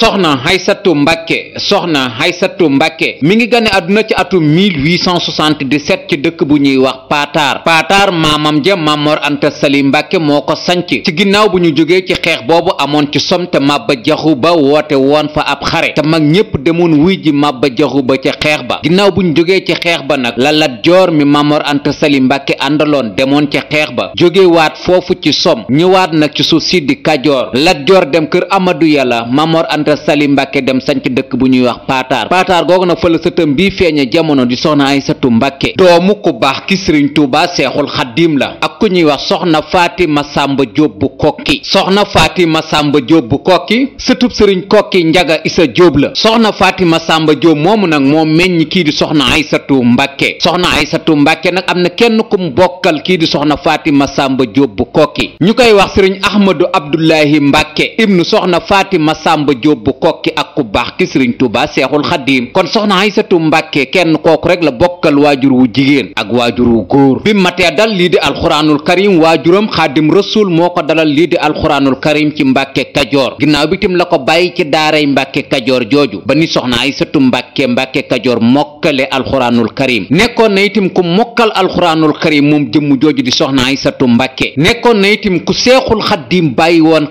soxna Aysatu Mbàkke soxna Aysatu Mbàkke mi ngi gane àdduna ci atum 1877 ci dëkk bu ñuy wax Patar Patar maamam ja Mamor Anta Sali Mbàkke moo ko sanc ci ginnaaw bu ñu jógee ci xeex boobu amoon ci som te Màbba Jaxu Ba woote woon fa ab xare te mag ñépp demoon wuy ji Màbba Jaxu Ba ca xeex ba ginnaaw bu ñu jógee ci xeex ba nag la Lat Joor mi Mamor Anta Sali Mbàkke àndaloon demoon ca xeex ba jógewaat foofu ci som ñëwaat nag ci suuf si di Kajoor Lat Joor dem Yàlla Anta Sali Mbàkke dem sanc dëkk bu ñuy wax paataar paataar googu nag fa la sëtam bii feeñe jamono di soxna Aysatu Mbàkke doomu ku baax ki Sëriñ Tuubaa Seexul Xaddiim la ak ku ñuy wax soxna Faatima Sàmba Jóob bu kokki soxna Faatima Sàmba Jóob bu kokki sëtub Sëriñ kokki Njaga Isa Jóob la soxna Faatima Sàmba Jóob moomu nag moo meññ kii di soxna Aysatu Mbàkke soxna Aysatu Mbàkke nag am na kenn ku mu bokkal kii di soxna Faatima Sàmba Jóob bu kokki Ahmadu Abdullahi Mbàkke ibnu soxna Faatima Sàmba Jóob yóbbu kokki ak ku baax ki sëriñ Tuubaa seexul xaddiim kon soxna Aysatu Mbàkke kenn kooku rek la bokkal waajur wu jigéen ak waajur wu góor bi matee dal lii di alxuraanul karim waajuram xaadim rasuul moo ko dalal lii di alxuraanul karim ci mbàkke kajoor ginnaaw bi bitim la ko bàyyi ci daaray mbàkke kajoor jooju ba ni soxna Aysatu Mbàkke mbàkke kajoor mokkale alxuraanul karim nekkoon na itim ku mokkal alxuraanul karim moom jëmm jooju di soxna Aysatu Mbàkke nekkoon na itim ku seexul xaddiim bàyyi woon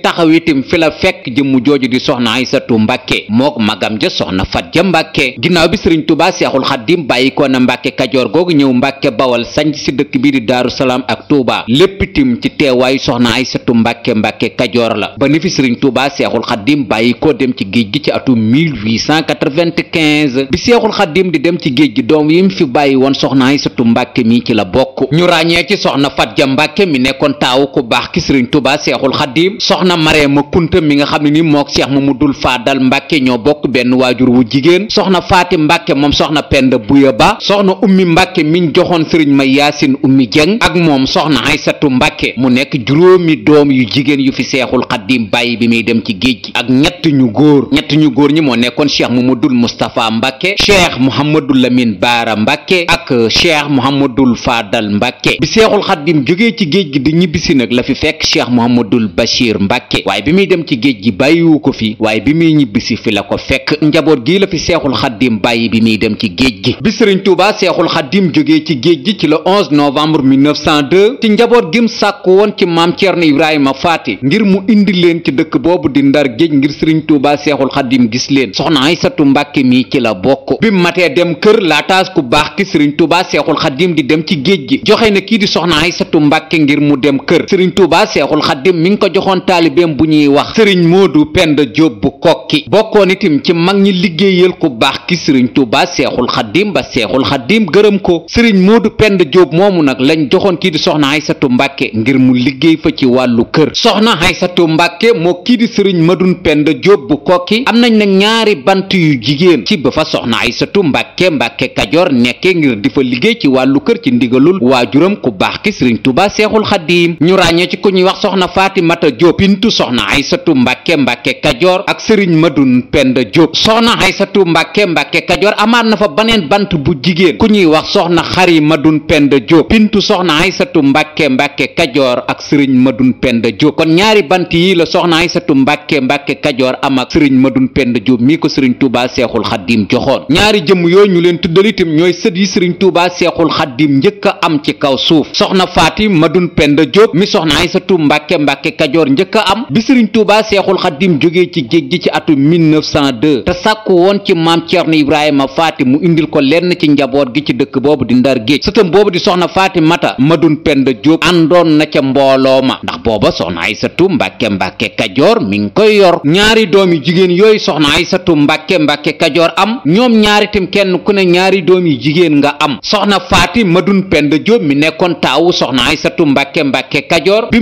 taxaw itam fi la fekk jëmm jooju di soxna Aysatu Mbàkke mook magam ja soxna Fat ja Mbàkke ginnaaw bi sëriñ Tuubaa Seexul Xaddim bàyyi ko na Mbàkke Kajoor googu ñëw Mbàkke Bawal sanc si dëkk bii di Daaru Salaam ak Tuubaa lépp itam ci teewaayu soxna Aysatu Mbàkke Mbàkke Kajoor la ba ni fi sëriñ Tuubaa Seexul Xaddim bàyyi ko dem ci géej gi ci atum 1895 bi Seexul Xaddim di dem ci géej gi doom yi mu fi bàyyi woon soxna Aysatu Mbàkke mii ci la bokk ñu ràññee ci soxna Fat ja Mbàkke mi nekkoon taawu ku baax ki sëriñ Tuubaa Seexul Xaddim soxna ma kunta mi nga xam ne ni mu mu dul faadal mbàkke ñoo bokk benn waajur wu jigéen soxna faati mbàkke moom soxna penda buya ba soxna ummi mbàkke miñ joxoon sëriñ ma yaasin ummi jëng ak moom soxna aysatu mbàkke mu nekk juróomi doom yu jigéen yu fi seexul xaddim bàyyi bi muy dem ci géej gi ak ñett ñu góor ñett ñu góor ñi moo nekkoon cheikh mamadul mustapha mbàkke cheikh mouhamadul lamin baara mbàkke ak cheikh mouhamadul faadal mbàkke bi seexul xaddim jógee ci géej gi di ñibbisi nag la fi fekk cheikh mouhamadul bachir mbàkke waaye bi muy dem ci géej gi bàyyiwu ko fi waaye bi muy ñibbisi fi la ko fekk njaboot gii la fi seexul xaddim bàyyi bi muy dem ci géej gi bi sëriñ tuuba seexul xaddim jógee ci géej gi ci le 11 novembre 1902 ci njaboot gim sàkku woon ci maam ceerno ibrahima faati ngir mu indi leen ci dëkk boobu di ndar géej ngir sëriñ tuuba seexul xaddim gis leen soxna aysatu mbàkke mi ci la bokk bi matee dem kër laataas ku baax ki sëriñ tuuba seexul xaddim di dem ci géej gi joxe na soxna aysatu mbàkke ngir mu dem kër sëriñ tuuba seexul xaddim mi ngi ko joxoon taalibeem bu ñuy wax sëriñ moodu penda jóob bu kokki bokkoon itam ci mag ñi liggéeyal ku baax ki sëriñ tuuba seexul xaddim ba seexul xaddim gërëm ko sëriñ moodu penda jóob moomu nag lañ joxoon kii di soxna aysatu mbàkke ngir mu liggéey fa ci wàllu kër soxna aysatu mbàkke moo kii di sëriñ madun penda jóob kokki am nañ nag ñaari bant yu jigéen ci ba fa soxna aysatu mbàkke mbàkke kajoor nekke ngir di fa liggéey ci wàllu kër ci ndigalul waajuram ku seexul xaddim ñu ràññee ci ku ñuy wax soxna faatimata jóob bintu soxna aysatu mbàkke mbàkke kajoor ak sëriñ madun penda jóob soxna aysatu mbàkke mbàkke kajoor amaat na fa baneen bant bu jigéen ku ñuy wax soxna xari madun penda jóob bintu soxna aysatu mbakke mbàkke kajoor ak sëriñ madun penda jóob kon ñaari bant yii la soxna aysatu mbakke mbàkke kajoor am ak sëriñ madun penda jóob mii ko sëriñ tuubaa seexul xaddiim joxoon ñaari jëm yooyu ñu leen tuddal itam ñooy sët yi sëriñ tuubaa seexul xaddiim njëkk am ci kaw suuf soxna faati madun penda jóob mi soxna aysatu mbàkke mbàkke kajoor njëkk njëkk a am bi sëriñ Tuubaa Seexul Xaddim jógee ci géej gi ci atum 1902 te sàkku woon ci maam Ceerno Ibrahima Faati mu indil ko lenn ci njaboot gi ci dëkk boobu di Ndar géej sëtam boobu di soxna Faati Mata Madun Penda Jóob àndoon na ca mbooloo ma ndax booba soxna Aysatu Mbàkke Mbàkke Kajoor mi ngi koy yor ñaari doom doomi jigéen yooyu soxna Aysatu Mbàkke Mbàkke Kajoor am ñoom ñaari tim kenn ku ne ñaari doom yi jigéen nga am soxna Faati Madun Penda Jóob mi nekkoon taawu soxna Aysatu Mbàkke Mbàkke Kajoor bi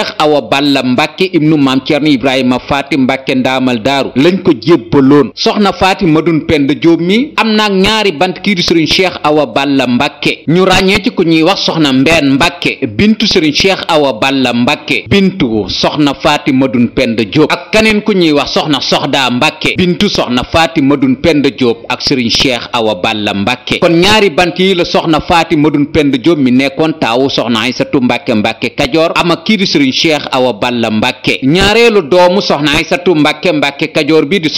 cheikh awa balla mbàkke ibnu maam ceerno ibrahima faati mbàkke ndaamal daaru lañ ko jébbaloon soxna faati madun pend jóob mi am naag ñaari bant kii di sëriñ cheikh awa balla mbàkke ñu ràññee ku ñuy wax soxna mbeen mbàkke bintu sëriñ cheikh awa balla mbàkke bintu soxna faati madun pend jóob ak kaneen ku ñuy wax soxna soxdaa mbàkke bintu soxna faati madun pend jóob ak sëriñ cheikh awa balla mbàkke kon ñaari bant yi la soxna faati madun pend jóob mi nekkoon taawu soxna aysatu mbàkke mbàkke kajoor ama kii di sëriñ sëriñ cheikh awa balla mbàkke ñaareelu doomu soxna aysatu mbàkke mbàkke kajoor bi di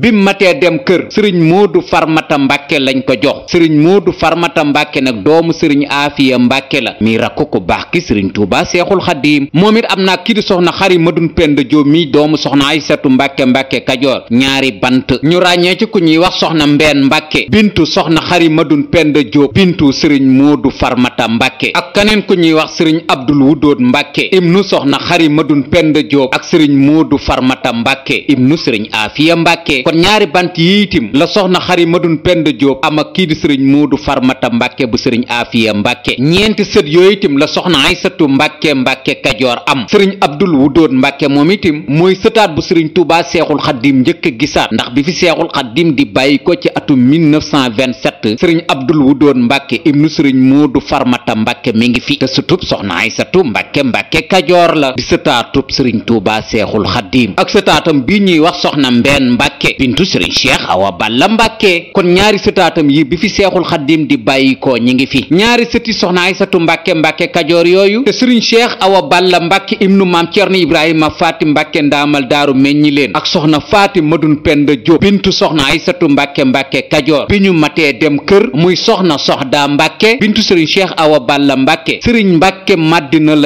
bi matee dem kër sëriñ moodu farmata mbàkke lañ ko jox sëriñ moodu farmata mbàkke nag doomu sëriñ aafiya mbàkke la mi rakku ku baax ki sëriñ tuuba seexul xadiim moom it am naa kii di soxna xari madun penda jóob mi doomu soxna aysatu mbàkke mbàkke kajoor ñaari bant ñu ràññee ci ku ñuy wax soxna mbeen mbàkke bintu soxna xari madun penda jóob bintu sëriñ moodu farmata mbàkke ak kaneen ku ñuy wax sëriñ abdul wudd ndóot mbàkke ibnu soxna xari madun pend joob ak sëriñ moodu farmata mbàkke ibnu sëriñ aafiya mbàkke kon ñaari bant yi itim la soxna xari madun pend joob am ak kii di sëriñ moodu farmata mbàkke bu sëriñ aafiya mbàkke ñeenti sët yooyu itim la soxna aysatu mbàkke mbàkke kajoor am sëriñ abdul wudóot mbàkke moom itim mooy sëtaat bu sëriñ tuubaa seexul xaddim njëkk a gisaat ndax bi fi seexul xaddim di bàyyi ko ci atum 1927 sëriñ abdul wudóot mbàkke ibnu sëriñ moodu farmata mbàkke mi ngi fi te soxna aysatu mbàkke mbàkke kajoor la di sëtaatub sëriñ tuuba seexul xaddiim ak sëtaatam bi ñuy wax soxna mbenn mbàkke bintu sëriñ cheikh awa balla mbàkke kon ñaari sëtaatam yi bi fi seexul xaddiim di bàyyikoo ñi ngi fi ñaari sëti soxna aysatu mbàkke mbàkke kajoor yooyu te sëriñ awa balla mbàkke ibnu maam ceerno ibrahima faati mbàkke ndaamal daaru meññi leen ak soxna faati madun penda jóob bintu soxna aysatu mbàkke mbàkke kajoor bi ñu matee dem kër muy soxna soxda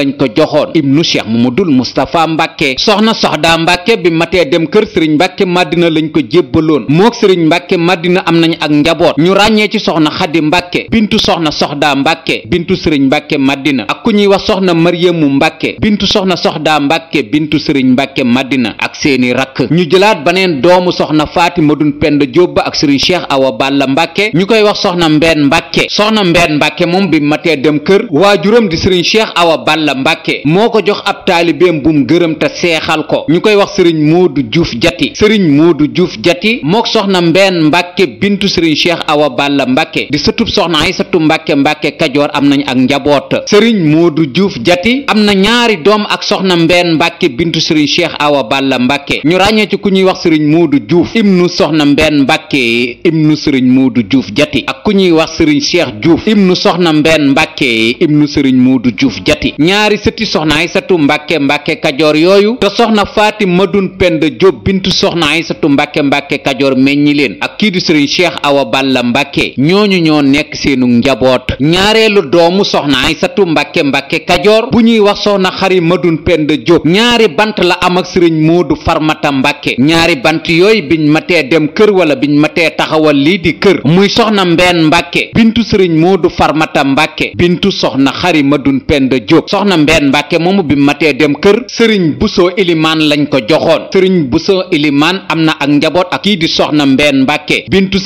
la lañ ko joxoon ibnu cheikh mamadul mustapha mbàkke soxna soxdaa mbàkke bi matee dem kër sëriñ mbàkke madina lañ ko jébbaloon mook sëriñ mbàkke madina am nañ ak njaboot ñu ràññee ci soxna xadi mbàkke mbàkke bintu soxna soxdaa mbàkke bintu sëriñ mbàkke madina ak ku ñuy wax soxna maryamu mbàkke bintu soxna soxdaa mbàkke bintu sëriñ mbàkke madina ak seeni rakk ñu jëlaat baneen doomu soxna faati du pend jóob ba ak sëriñ cheikh awa balla mbàkke ñu koy wax soxna mbenn mbàkke soxna mbenn mbàkke moom bi matee dem kër waa waajuram di sëriñ cheikh awa balla mbàkke moo ko jox ab taalibeem bu mu gërëm te seexal ko ñu koy wax sëriñ moodu juuf jati sëriñ moodu juuf jati mook soxna mbenn mbàkke bintu sëriñ cheikh awa balla mbàkke di sëtub soxna Aysatu Mbàkke Mbàkke Kajoor am nañ ak njaboot sëriñ Moodu Juuf Jati am na ñaari doom ak soxna Mbeen Mbàkke bintu sëriñ Cheikh Awa Balla Mbàkke ñu ràññee ci ku ñuy wax sëriñ Moodu Juuf ibnu soxna Mbeen Mbàkke ibnu sëriñ Moodu Juuf Jati ak ku ñuy wax sëriñ Cheikh Juuf ibnu soxna Mbeen Mbàkke ibnu sëriñ Moodu Juuf Jati ñaari sëti soxna Aysatu Mbàkke Mbàkke Kajoor yooyu te soxna Faati Madun Penda Jóob bintu soxna Aysatu Mbàkke Mbàkke Kajoor meññi leen ak kii di sëriñ Cheikh Awa Balla Mbàkke ñooñu ñoo nekk nekk njaboot ñaareelu doomu soxna satu Mbàkke Mbàkke Kajoor bu ñuy wax soxna xari madun Penda Jóob ñaari bant la am ak sëriñ Moodu Farmata Mbàkke ñaari bant yooyu biñ matee dem kër wala biñ matee taxawal lii di kër muy soxna Mbeen Mbàkke bintu sëriñ du Farmata Mbàkke bintu soxna xari madun Penda Jóob soxna Mbeen Mbàkke moomu bi matee dem kër sëriñ Buso Ilimaan lañ ko joxoon sëriñ Buso Ilimaan am na ak njaboot ak kii di soxna Mbeen Mbàkke bintu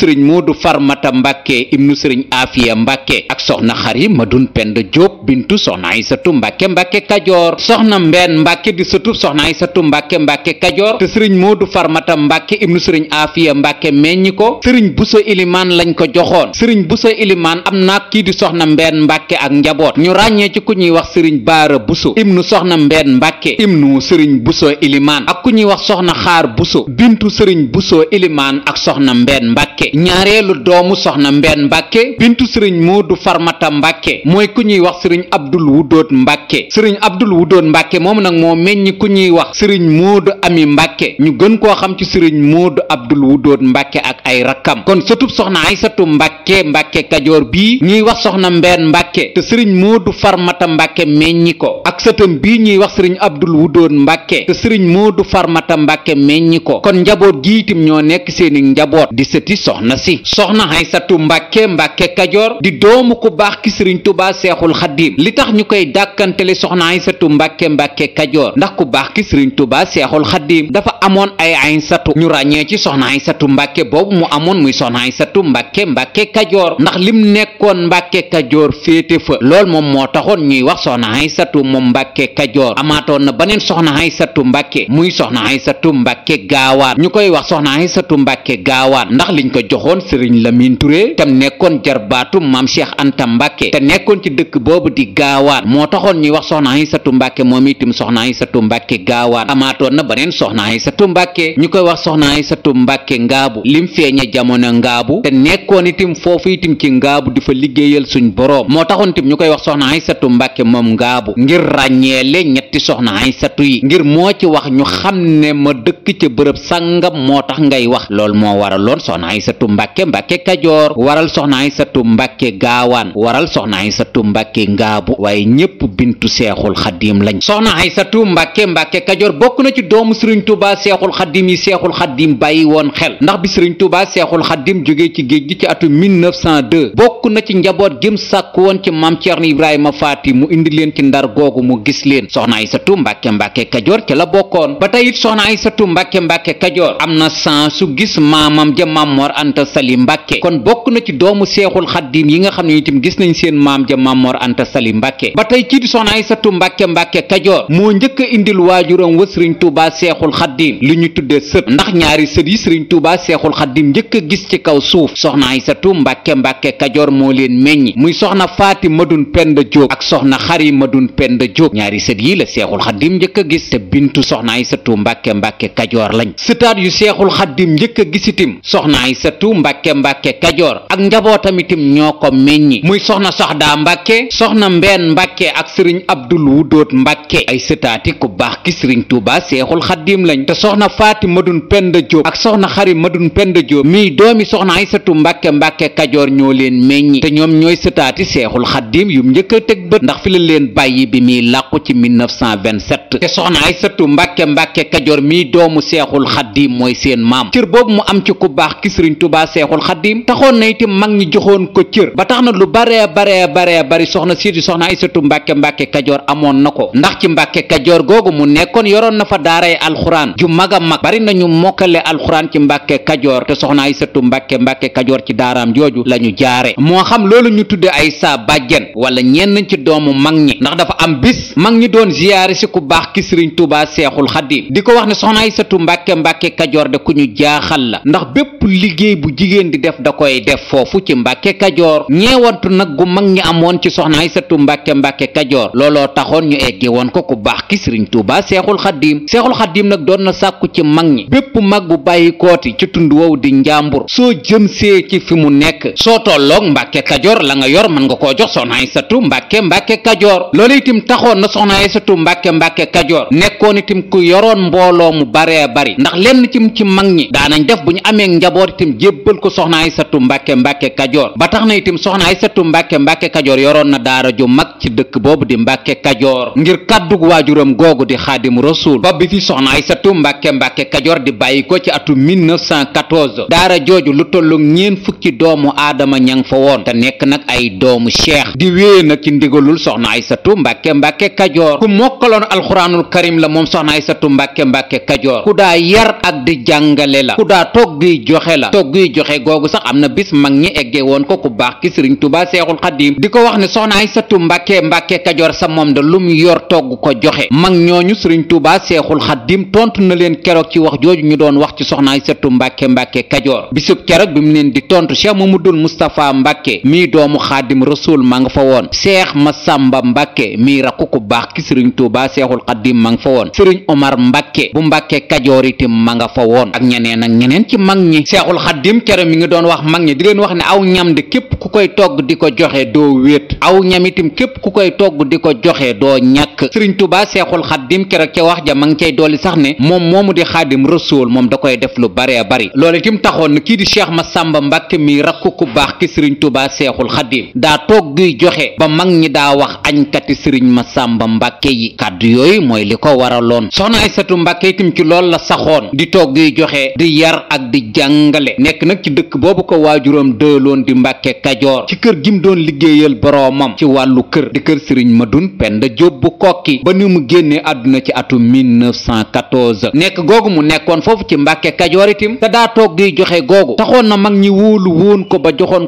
Afia Mbàkke ak soxna xari madun pend Jóob bintu soxna Aysatu Mbàkke Mbàkke Kajoor soxna Mbeen Mbàkke di sëtub soxna Aysatu Mbàkke Mbàkke Kajoor te sëriñ Moodu Farmata Mbàkke ibnu sëriñ Afia Mbàkke meññi ko sëriñ Buso Ilimaan lañ ko joxoon sëriñ Buso Ilimaan am na kii di soxna Mbeen Mbàkke ak njaboot ñu ràññee ci ku ñuy wax sëriñ Baara Buso ibnu soxna Mbeen Mbàkke ibnu sëriñ Buso Ilimaan ak ku ñuy wax soxna Xaar Buso bintu sëriñ Buso Ilimaan bintu sëriñ Moodu Farmata Mbàkke mooy ku ñuy wax sëriñ Abdul Wudoot Mbàkke sëriñ Abdul Wudoot Mbàkke moom nag moo meññ ku ñuy wax sëriñ Moodu Ami Mbàkke ñu gën koo xam ci sëriñ Moodu Abdul Wudoot Mbàkke ak ay rakkam kon sëtub soxna Aysatu Mbàkke Mbàkke Kajoor bii ñuy wax soxna Mbeen Mbàkke mbàkke te sëriñ moodu farmata mbàkke meññi ko ak sëtam bii ñuy wax sëriñ abdul wudoon mbàkke te sëriñ moodu farmata mbàkke meññi ko kon njaboot gi itam ñoo nekk seeni njaboot di sëti soxna si soxna ay satu mbàkke mbàkke kajoor di doomu ku baax ki sëriñ tubaa seexul xaddiim li tax ñu koy dàkkantele soxna satu mbàkke mbàkke kajoor ndax ku baax ki sëriñ tubaa seexul xaddiim dafa amoon ay ay Aysatu ñu ràññee ci soxna satu mbàkke boobu mu amoon muy soxna Aysatu féete fa lool moom moo taxoon ñuy wax soxna Aysatu moom mbàkke kajoor amaatoon na baneen soxna Aysatu mbàkke muy soxna Aysatu mbàkke gaawaan ñu koy wax soxna Aysatu mbàkke gaawaan ndax liñ ko joxoon sëriñ Lamine Touré tam nekkoon jarbaatu maam Cheikh Anta Mbàkke te nekkoon ci dëkk boobu di gaawaan moo taxoon ñuy wax soxna Aysatu mbàkke moom itam soxna Aysatu mbàkke gaawaan amaatoon na baneen soxna Aysatu mbàkke ñu koy wax soxna Aysatu mbàkke ngaabu lim feeñe jamono ngaabu te nekkoon itam foofu itam ci ngaabu di fa liggéeyal suñ boroom taxoon tim ñu koy wax soxna Aysatu Mbàkke moom ngaabu ngir ràññeele ñetti soxna Aysatu yi ngir moo ci wax ñu xam ne ma dëkk ca bërëb sàngam moo tax ngay wax lool moo waraloon soxna Aysatu Mbàkke Mbàkke Kajoor waral soxna Aysatu Mbàkke gaawaan waral soxna Aysatu Mbàkke ngaabu waaye ñépp bintu seexul xaddiim lañ soxna Aysatu Mbàkke Mbàkke Kajoor bokk na ci doomu Sëriñ Tuubaa seexul xaddiim yi seexul xaddiim bàyyi woon xel ndax bi Sëriñ Tuubaa seexul xaddiim jógee ci géej gi ci atu 1902 bokk demoon ci maam Cerno mu indi leen ci ndar googu mu gis leen soxna Aysatu Mbàkke Mbàkke Kajoor ci la bokkoon ba tey it soxna Aysatu Mbàkke Mbàkke Kajoor am na sans su gis maamam ja Maam Mor Anta Sali Mbàkke kon bokk na ci doomu Seexul Xaddiim yi nga xam ne itam gis nañ seen maam ja Maam Mor Sali Mbàkke ba tey ci di soxna Aysatu Mbàkke Mbàkke Kajoor moo njëkk a indil waajuram wa Sëriñ Tuubaa Seexul Xaddiim li ñu tuddee sët ndax ñaari sët yi Sëriñ Tuubaa Seexul Xaddiim njëkk a gis ci kaw suuf soxna Aysatu Mbàkke Mbàkke Kajoor moo leen meññi muy soxna faati madun penda jóob ak soxna xari madun penda jóob ñaari sët yi la seexul xaddim njëkk a gis te bintu soxna ay satu mbàkke mbàkke kajoor lañ sëtaat yu seexul xaddim njëkk a gisitim soxna ay satu mbàkke mbàkke kajoor ak njabootamitim ñoo ko meññi muy soxna soxdaa mbàkke soxna mbenn mbàkke ak sëriñ abdul wudóot mbàkke ay sëtaati ku baax ki sëriñ tuuba seexul xaddim lañ te soxna faati madun penda jóob ak soxna xari madun penda jóob miy doomi soxna ay satu mbàkke mbàkke kajoor ñoo leen meññi te ñoom ñooy sëtaati seexul seexul xaddim yum njëkk a teg bët ndax fi la leen bàyyi bi muy làqu ci 1927 te soxna ay sëttu mbàkke mbàkke kajoor mii doomu seexul xaddim mooy seen maam cër boobu mu am ci ku baax ki sëriñ tubaa seexul xaddim taxoon na itam mag ñi joxoon ko cër ba tax na lu baree baree baree bari soxna sii di soxna ay sëttu mbàkke mbàkke kajoor amoon na ko ndax ci mbàkke kajoor googu mu nekkoon yoroon na fa daaray alxuraan ju mag a mag bari ñu mokkale alxuraan ci mbàkke kajoor te soxna ay sëttu mbàkke mbàkke kajoor ci daaraam jooju lañu jaare bàjjen wala ñenn ci doomu mag ñi ndax dafa am bis mag ñi doon ziyaare si ku baax ki sëriñ Tuubaa Seexul Xadiim di ko wax ne soxna Aysatu Mbàkke Mbàkke Kajoor de ku jaaxal la ndax bépp liggéey bu jigéen di def da koy def foofu ci Mbàkke Kajoor ñeewantu nag gu mag ñi amoon ci soxna Aysatu Mbàkke Mbàkke Kajoor looloo taxoon ñu egge woon ko ku baax ki sëriñ Tuubaa Seexul Xadiim Seexul Xadiim nag doon na sàkku ci mag ñi bépp mag bu bàyyi kooti ci tund wow di njàmbur soo jëm see ci fi mu nekk soo tolloog Mbàkke Kajoor la nga yor mën nga koo jox soxna Aysatu Mbàkke Mbàkke Kajoor loolu itam taxoon na soxna Aysatu Mbàkke Mbàkke Kajoor nekkoon itam ku yoroon mbooloo mu baree bari ndax lenn cim ci mag ñi daanañ def bu ñu amee njaboot itam jébbal ko soxna Aysatu Mbàkke Mbàkke Kajoor ba tax na itam soxna Aysatu Mbàkke Mbàkke Kajoor yoroon na daara ju mag ci dëkk boobu di Mbàkke Kajoor ngir kàddug waajuram googu di Xaadim Rasuul ba bi fi soxna Aysatu Mbàkke Mbàkke Kajoor di bàyyi ko ci atu 1914 daara jooju lu tollu ñeen fukki doomu aadama ñang fa woon te nekk nag ay doomu cheikh di wéye nag ci ndigalul soxna aysatu mbàkke mbàkke kajoor ku mokkaloon alxuraanul karim la moom soxna aysatu mbàkke mbàkke kajoor ku daa yar ak di jàngale la ku daa togguy joxe la togguy joxe googu sax am na bis mag ñi eggee woon ko ku baax ki sëriñ tubaa seexul xadim di ko wax ne soxna aysatu mbàkke mbàkke kajoor sa moom da lu mu yor togg ko joxe mag ñooñu sëriñ tubaa seexul xadim tontu na leen keroog ci wax jooju ñu doon wax ci soxna aysatu mbàkke mbàkke kajoor bisub keroog bi mu leen di tontu cheikh mamadul mustapha mbàkke mii doomu xaadim rasul rasul ma nga fa woon cheikh masamba mbàkke mi rakku ku baax ki sëriñ tuuba seexul xaddim ma nga fa woon sëriñ omar mbàkke bu mbàkke kajoor itam ma nga fa woon ak ñeneen ak ñeneen ci mag ñi seexul xaddim kere mi nga doon wax mag ñi di leen wax ne aw ñam de képp ku koy togg di ko joxe doo wéet aw ñam itam képp ku koy togg di ko joxe doo ñàkk sëriñ tuuba seexul xaddim kere ca wax ja ma ngi cay dolli sax ne moom mu di xaadim rasul moom da koy def lu bare bari loolu itam taxoon na kii di cheikh masamba mbàkke mi rakku baax ki sëriñ tuuba seexul xaddim daa dog guy joxe ba mag ñi daa wax añkati sëriñ Masàmba Mbàkke yi kàddu yooyu mooy li ko waraloon soxna ay Aysatu Mbàkke itam ci loolu la saxoon di togg guy joxe di yar ak di jàngale nekk nag ci dëkk boobu ko waajuram dëloon di Mbàkke Kajoor ci kër gi mu doon liggéeyal boroomam ci wàllu kër di kër sëriñ dun pend Jóob bu kokki ba ni mu génnee àdduna ci atum 1914 nekk googu mu nekkoon foofu ci Mbàkke Kajoor itam te daa togg joxe googu taxoon na mag ñi wóolu woon ko ba joxoon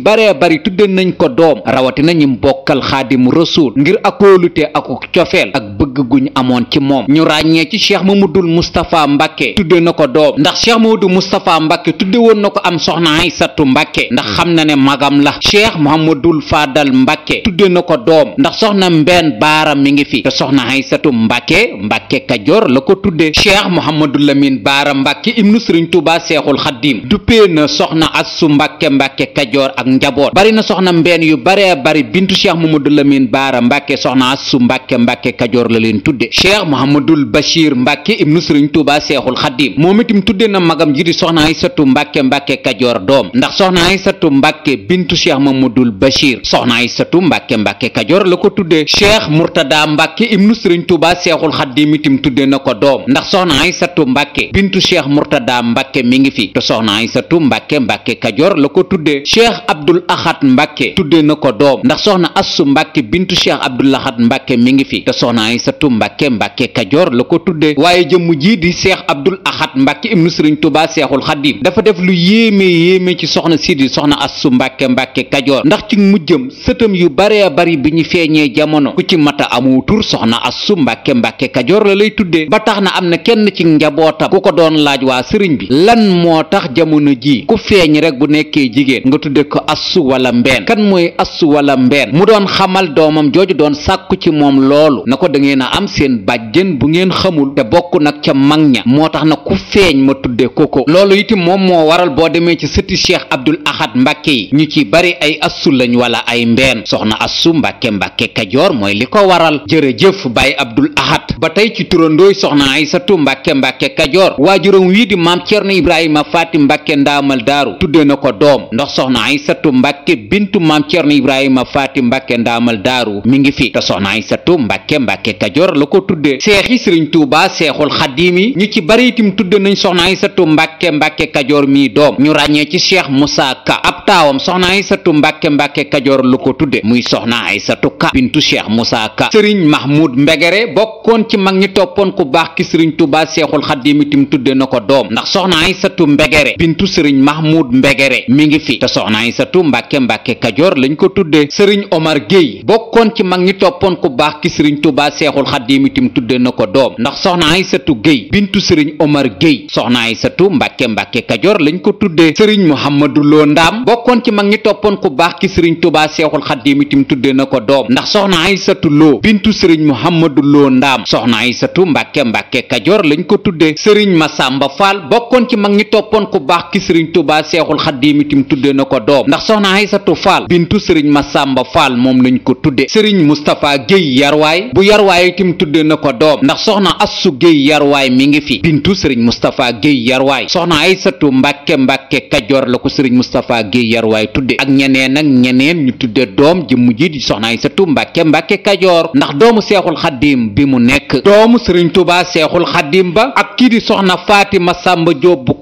baree bari tudde nañ ko doom rawatina ñi bokkal xaadimu rasuul ngir akóolute ak cofeel ak bëgg guñ amoon ci moom ñu ràññee ci cheikh mamadul moustapha mbàkke tudde na ko doom ndax cheikh mamadou moustapha mbàkke tudde woon na ko am soxna aysatu mbàkke ndax hmm. xam na ne magam la cheikh mohamadul faadal mbàkke tudde na ko doom ndax soxna mbenn baara mi ngi fi te soxna aysatu mbàkke mbàkke kajoor la ko tudde cheikh mohamadul lamin baara mbàkke ibnu sëriñ tuuba seexul xaddim na soxna assu mbàkke mbàkke kajoor ak njaboot bari na soxna mbeen yu baree bari bintu cheikh mamadou lamine baara mbàkke soxna assu mbàkke mbàkke kajoor la leen tudde cheikh mohamadul bachir mbàkke ibnu sëriñ tuuba seexul xadim moom itam tudde na magam ji di soxna aysatu mbàkke mbàkke kajoor doom ndax soxna aysatu mbàkke bintu cheikh mamadul bachir soxna aysatu mbàkke mbàkke kajoor la ko tudde cheikh murtada mbàkke ibnu sëriñ tuuba seexul xadim itam tudde na ko doom ndax soxna aysatu mbàkke bintu cheikh murtada mbàkke mi ngi fi te soxna abdul axat mbàkke tudde na ko doom ndax soxna assu mbàkke bintu cheikh abdul axat mbàkke mi ngi fi te soxna aysatu mbàkke mbàkke kajoor la ko tudde waaye jëmm ji di cheikh abdul axat mbàkke ibnu sëriñ tuba seexul xadim dafa def lu yéeme yéeme ci soxna si di soxna assu mbàkke mbàkke kajoor ndax ci mujjëm sëtam yu bare bari bi ñu feeñee jamono ku ci mata amu tur soxna assu mbàkke mbàkke kajoor la lay tudde ba tax na am na kenn ci njabootam ku ko doon laaj waa sëriñ bi lan moo tax jamono ji ku feeñ rek bu nekkee jigéen nga tudde ko ko assu wala mbeen kan mooy assu wala mbeen mu doon xamal doomam jooju doon sàkku ci moom loolu na ko da ngeen a am seen bàjjen bu ngeen xamul te bokk nag ca mag ña moo tax na ku feeñ ma tudde koko loolu itam moom moo waral boo demee ci sëti cheikh abdul ahad mbàkke yi ñu ci bari ay assu lañ wala ay mbeen soxna assu mbàkke mbàkke kajoor mooy li ko waral jërëjëf baay abdul ahad ba tey ci turandooy soxna aysatu mbàkke mbàkke kajoor waajuram wii di maam cerno ibrahima faati mbàkke ndaamal daaru aysatu mbàkke bintu maam cerno ibrahima faati mbàkke ndaamal daaru mi ngi fi te soxna aysatu mbàkke mbàkke kajoor la ko tudde seexi sëriñ tuuba seexul xadiimi ñu ci bari itam tudde nañ soxna aysatu mbàkke mbàkke kajoor mi doom ñu ràññee ci cheikh moussa ka ab taawam soxna aysatu mbàkke mbàkke kajoor la ko tudde muy soxna aysatu ka bintu cheikh moussa ka sëriñ mahmoud mbegere bokkoon ci mag ñi toppoon ku baax ki sëriñ tuuba seexul xadiimi itam tudde na ko doom ndax soxna aysatu mbegere bintu sëriñ mahmoud mbegere mi ngi fi te soxna Aysatu Mbàkke Mbàkke Kajoor lañ ko tuddee Sëriñ Omar Gueye bokkoon ci mag ñi toppoon ku baax ki Sëriñ Tuubaa Seexul Xadiim itam tudde na ko doom ndax soxna satu Gueye bintu Sëriñ Omar Gueye soxna Aysatu Mbàkke Mbàkke Kajoor lañ ko tuddee Sëriñ Muhammadu Lo Ndaam bokkoon ci mag ñi toppoon ku baax ki Sëriñ Tuubaa Seexul Xadiim itam tudde na ko doom ndax soxna Aysatu Lo bintu Lo Ndaam soxna Aysatu Mbàkke Mbàkke Kajoor lañ ko tuddee Sëriñ Masamba Faal bokkoon ci mag ñi toppoon ku baax ki Sëriñ Tuubaa Seexul Xadiim itam tudde na ko doom ndax soxna Aysatu Faal bintu sëriñ Masamba Faal moom lañ ko tudde sëriñ Mustapha Géy Yarwaay bu Yarwaay itam tudde na ko doom ndax soxna Assu Géy Yarwaay mi ngi fi bintu sëriñ Mustapha Géy Yarwaay soxna Aysatu Mbàkke Mbàkke Kajoor la ko sëriñ Mustapha Géy Yarwaay tudde ak ñeneen ak ñeneen ñu tudde doom ji mujj di soxna Aysatu Mbàkke Mbàkke Kajoor ndax doomu Seexul Xaddiim bi mu nekk doomu sëriñ Tuubaa Seexul Xaddiim ba ak kii di soxna Faati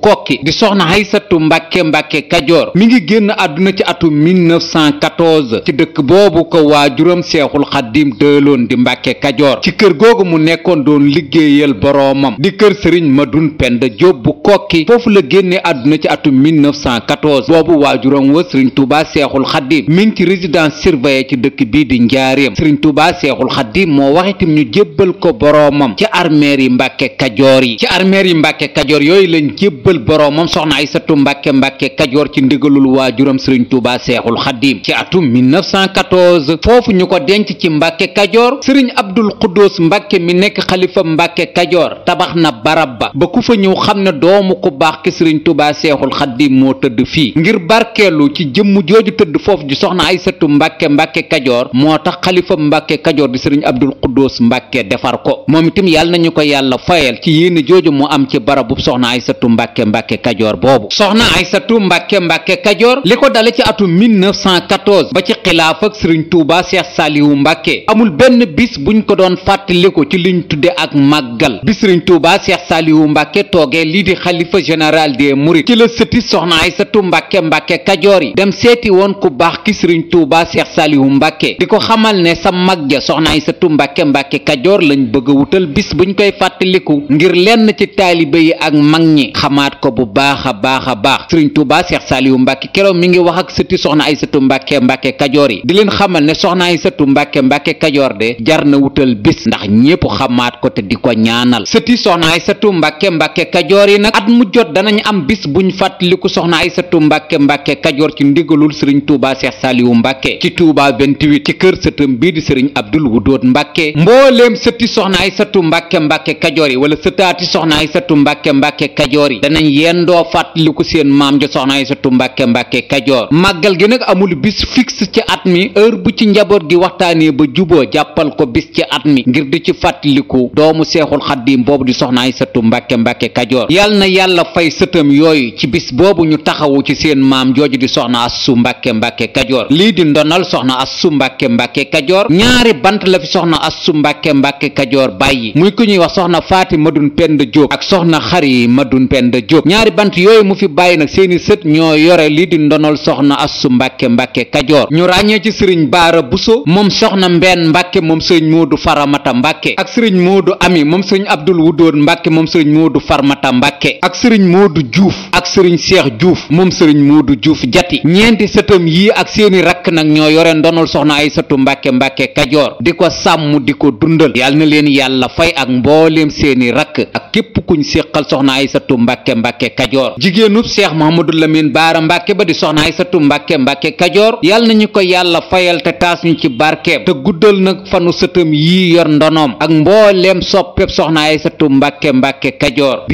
kokki di soxna Haysatu Mbàkke Mbàkke Kajoor mi ngi génn àdduna ci atum 1914 ci dëkk boobu ko waajuram Seexul Xaddim dëloon di Mbàkke Kajoor ci kër googu mu nekkoon doon liggéeyal boroomam di kër Sëriñ Madun Penda Jóob bu kokki foofu la génne àdduna ci atum 1914 boobu waajuram wa Sëriñ Tuubaa Seexul Xaddim mi ngi ci résidence surveillée ci dëkk bii di Njaaréem Sëriñ Tuubaa Seexul Xaddim moo waxitim ñu jébbal ko boroomam ci armeer yi Mbàkke Kajoor yi ci armeer yi Mbàkke Kajoor yooyu lañ jébbal jébbal boroomam soxna Aysatu Mbàkke Mbàkke Kajoor ci ndigalul waajuram Sëriñ Tuubaa Seexul Xadiim ci atum 1914 foofu ñu ko denc ci Mbàkke Kajoor Sëriñ Abdul Xuddoos Mbàkke mi nekk xalifa Mbàkke Kajoor tabax na barab ba ba ku fa ñëw xam ne doomu ku baax ki Sëriñ Tuubaa Seexul Xadiim moo tëdd fii ngir barkeelu ci jëmm jooju tëdd foofu ji soxna Aysatu Mbàkke Mbàkke Kajoor moo tax xalifa Mbàkke Kajoor di Sëriñ Abdul Xuddoos Mbàkke defar ko moom itam yàlla nañu ko yàlla fayal ci yéene jooju mu am ci barabu soxna Aysatu Mbàkke mbàkke mbàkke kajoor boobu soxna aysatu mbàkke mbàkke kajoor li ko dale ci atum 1914 ba ci xilaaf ak sëriñ tuuba seex saaliwu mbàkke amul benn bis buñ ko doon fàttaliku ci liñ tudde ak màggal bi sëriñ tuuba seex saaliwu mbàkke toogee lii di xalifa général des mourides ci la sëti soxna ay satu mbàkke mbàkke kajoor yi dem seeti woon ku baax ki sëriñ tuuba seex saaliwu mbàkke di ko xamal ne sa mag ja soxna ay satu mbàkke mbàkke kajoor lañ bëgg a wutal bis buñ koy xamaat ko bu baax a baax a baax sëriñ tuuba seex saaliyu mbàkke keroog mi ngi wax ak sëti soxna ay sëtu mbàkke mbàkke kajoor yi di leen xamal ne soxna ay sëtu mbàkke mbàkke kajoor de jar na wutal bis ndax ñépp xamaat ko di ko ñaanal sëti soxna ay sëtu mbàkke mbàkke yi nag at mu jot danañ am bis buñ fàttaliku soxna ay sëtu mbàkke mbàkke kajoor ci ndigalul sëriñ tuuba seex saaliyu mbàkke ci tuuba 28 ci kër sëtam bii di sëriñ abdul wudoot mbàkke mbooleem sëti soxna ay sëtu mbàkke mbàkke kajoor yi wala sëtaati soxna ay sëtu mbàkke mbàkke kajoor nañ yendoo fàttaliku seen maam ji soxna Aysatu Mbàkke Mbàkke Kajoor gi nag amul bis fixe ci at mi heure bu ci njaboot gi waxtaanee ba juboo jàppal ko bis ci at mi ngir di ci fàttaliku doomu seexul xaddiim boobu di soxna Aysatu Mbàkke Mbàkke Kajoor yal na yàlla fay sëtam yooyu ci bis boobu ñu taxawu ci seen maam jooju di soxna Assu Mbàkke Mbàkke Kajoor lii di ndonal soxna Assu Mbàkke Mbàkke Kajoor ñaari bant la fi soxna Assu Mbàkke Mbàkke Kajoor bàyyi muy ku ñuy wax soxna Faati Madun Penda Jóob ak soxna Xari Madun Penda Diop ñaari bant yooyu mu fi bàyyi nag seeni sët ñoo yore lii di ndonol soxna assu mbàkke mbàkke kajoor ñu ràññee ci sëriñ baara buso moom soxna mbenn mbàkke moom sëriñ du faramata mbàkke ak sëriñ moodu ami moom sëriñ abdul wudoon mbàkke moom sëriñ moodu farmata mbàkke ak sëriñ du juuf sëriñ Cheikh Diouf moom sëriñ Modou juuf jati ñeenti sëtam yii ak seeni rakk nag ñoo yore ndonol soxna ay sëtu mbàkke mbàkke kajoor di ko sàmm di ko dundal yàlla na leen yàlla fay ak mbooleem seeni rakk ak képp kuñ séqal soxna ay sëtu mbàkke mbàkke kajoor jigéenub Cheikh Mouhamadou Lamine Baara Mbàkke ba di soxna ay sëtu mbàkke mbàkke kajoor yàlla nañu ko yàlla fayal te taas ñu ci barkeem te guddal nag fanu sëtam yii yor ndonoom ak mbooleem soppeeb soxna ay sëtu mbàkke mbàkke kajoor